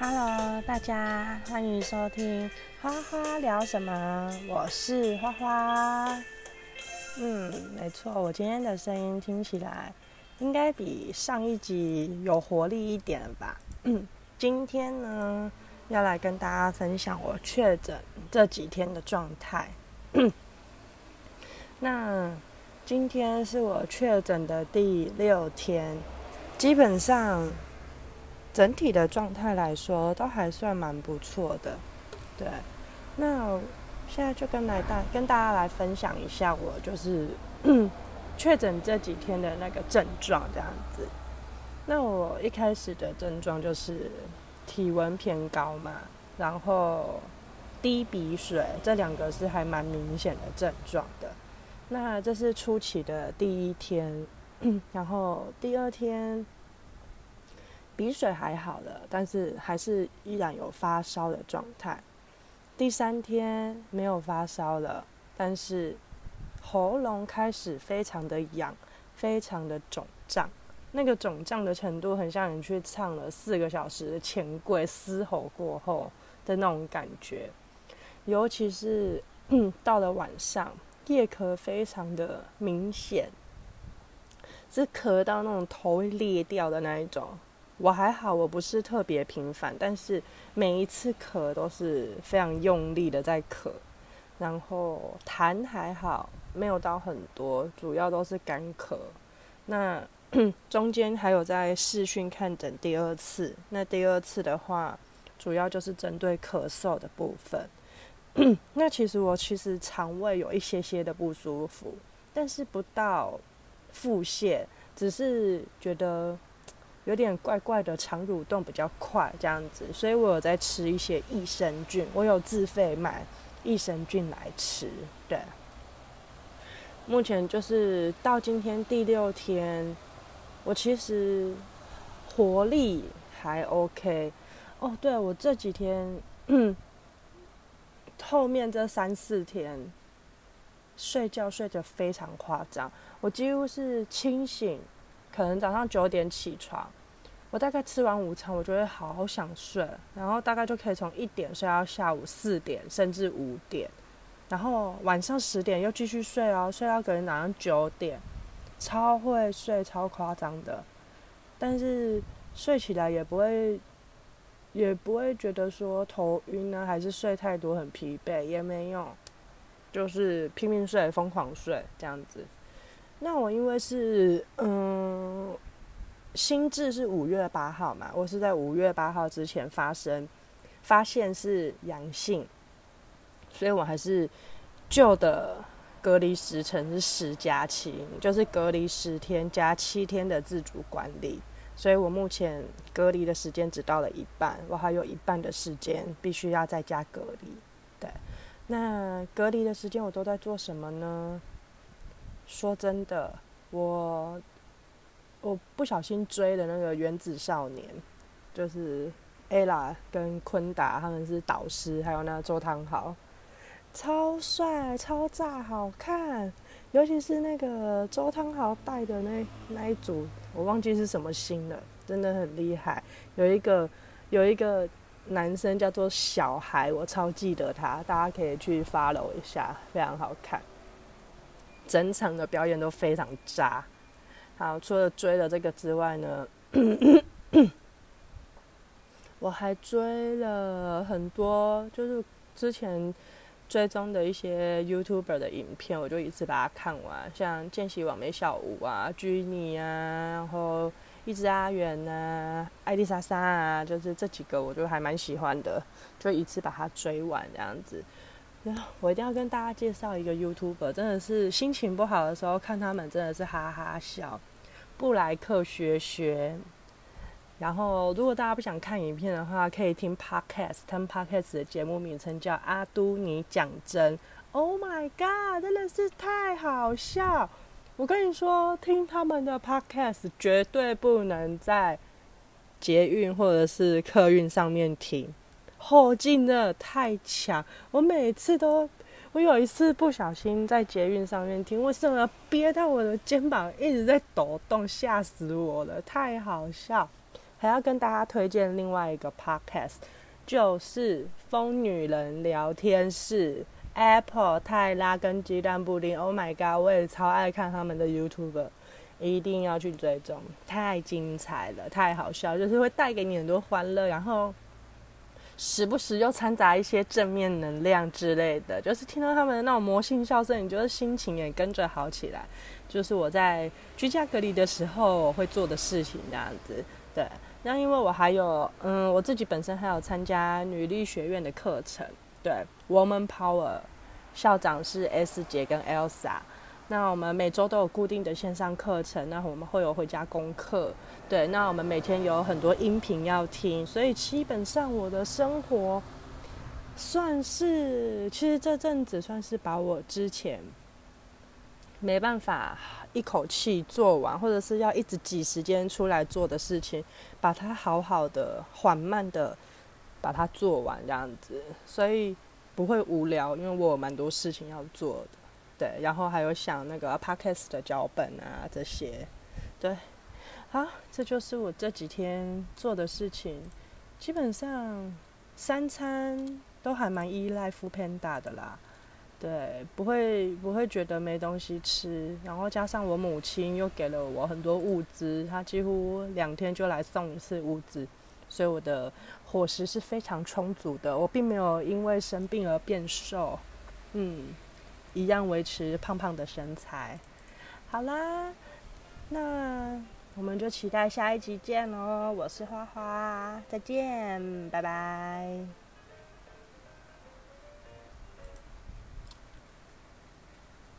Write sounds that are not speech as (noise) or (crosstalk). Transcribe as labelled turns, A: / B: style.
A: Hello，大家歡迎收聽花花聊什麼，我是花花。嗯，沒錯，我今天的聲音聽起來應該比上一集有活力一點了吧。 (coughs) 今天呢，要來跟大家分享我確診這幾天的狀態。 (coughs) 那今天是我確診的第六天，基本上。整體的狀態來說都還算蠻不錯的，對。那現在就跟來大跟大家來分享一下，我就是嗯，確診這幾天的那個症狀這樣子。那我一開始的症狀就是體溫偏高嘛，然後滴鼻水，這兩個是還蠻明顯的症狀的。那這是初期的第一天，然後第二天。鼻水還好了，但是還是依然有發燒的狀態。第三天沒有發燒了，但是喉嚨開始非常的癢，非常的腫脹。那個腫脹的程度，很像你去唱了四個小時的錢櫃嘶吼過後的那種感覺。尤其是，嗯，到了晚上，夜咳非常的明顯，是咳到那種頭裂掉的那一種。我還好，我不是特別頻繁，但是每一次咳都是非常用力的在咳，然後痰還好，沒有到很多，主要都是乾咳。那咳中間還有在視訊看診第二次，那第二次的話，主要就是針對咳嗽的部分。 (coughs) 那其實我其實腸胃有一些些的不舒服，但是不到腹瀉，只是覺得。有點怪怪的，腸蠕動比較快，這樣子，所以我有在吃一些益生菌，我有自費買益生菌來吃。對，目前就是到今天第六天，我其實活力還 OK。哦，對，我這幾天後面這三四天睡覺睡得非常誇張，我幾乎是清醒，可能早上九點起床。我大概吃完午餐，我就會好，好想睡，然後大概就可以從一點睡到下午四點，甚至五點，然後晚上十點又繼續睡哦、啊、睡到可能早上九點，超會睡，超誇張的。但是睡起來也不會，也不會覺得說頭暈呢、啊，還是睡太多很疲憊也沒有，就是拼命睡，瘋狂睡這樣子。那我因為是嗯。新制是五月八號嘛？我是在五月八號之前發生，發現是陽性，所以我還是舊的隔離時程是十加七，就是隔離十天加七天的自主管理。所以我目前隔離的時間只到了一半，我還有一半的時間必須要在家隔離。對，那隔離的時間我都在做什麼呢？說真的，我。我不小心追的那個《原子少年》，就是 Ella 跟坤達他們是導師，還有那個周湯豪，超帥、超炸、好看，尤其是那個周湯豪帶的那那一組，我忘記是什麼星了，真的很厲害。有一個有一個男生叫做小孩，我超記得他，大家可以去 follow 一下，非常好看。整場的表演都非常炸。好，除了追了這個之外呢， (coughs) 我還追了很多，就是之前追蹤的一些 YouTuber 的影片，我就一次把它看完，像見習網美小吳啊、Gini 啊，然後一隻阿遠啊、艾麗莎莎啊，就是這幾個，我就還蠻喜歡的，就一次把它追完這樣子。然後我一定要跟大家介紹一個 YouTuber，真的是心情不好的時候看他們，真的是哈哈笑。布萊克學學，然後如果大家不想看影片的話，可以聽 podcast。他們 podcast 的節目名稱叫阿都尼講真。Oh my God，真的是太好笑！我跟你說，聽他們的 podcast 絕對不能在捷運或者是客運上面聽，後勁真的太強。我每次都。我有一次不小心在捷運上面聽，為什麼要憋到我的肩膀一直在抖動，嚇死我了，太好笑！還要跟大家推薦另外一個 podcast，就是《瘋女人聊天室》Apple、泰拉跟雞蛋布丁。Oh my god，我也超愛看他們的 YouTube，一定要去追蹤，太精彩了，太好笑，就是會帶給你很多歡樂，然後，時不時又摻雜一些正面能量之類的，就是聽到他們的那種魔性笑聲，你覺得心情也跟着好起來。就是我在居家隔離的時候會做的事情這樣子。對，那因為我還有，嗯，我自己本身還有參加女力學院的課程，對，Woman Power，校長是 S 姐跟 Elsa。那我們每周都有固定的線上課程，那我們會有回家功課，對，那我們每天有很多音頻要聽，所以基本上我的生活算是，其實這陣子算是把我之前沒辦法一口氣做完，或者是要一直擠時間出來做的事情，把它好好的、緩慢的把它做完這樣子，所以不會無聊，因為我有蠻多事情要做的。對，然後還有想那個 podcast 的腳本啊，這些，對，好，這就是我這幾天做的事情。基本上三餐都還蠻依賴 food panda 的啦，對，不會不會覺得沒東西吃。然後加上我母親又給了我很多物資，她幾乎兩天就來送一次物資，所以我的伙食是非常充足的。我並沒有因為生病而變瘦，嗯。一樣維持胖胖的身材。好啦，那我們就期待下一集見嘍。我是花花，再見，拜拜。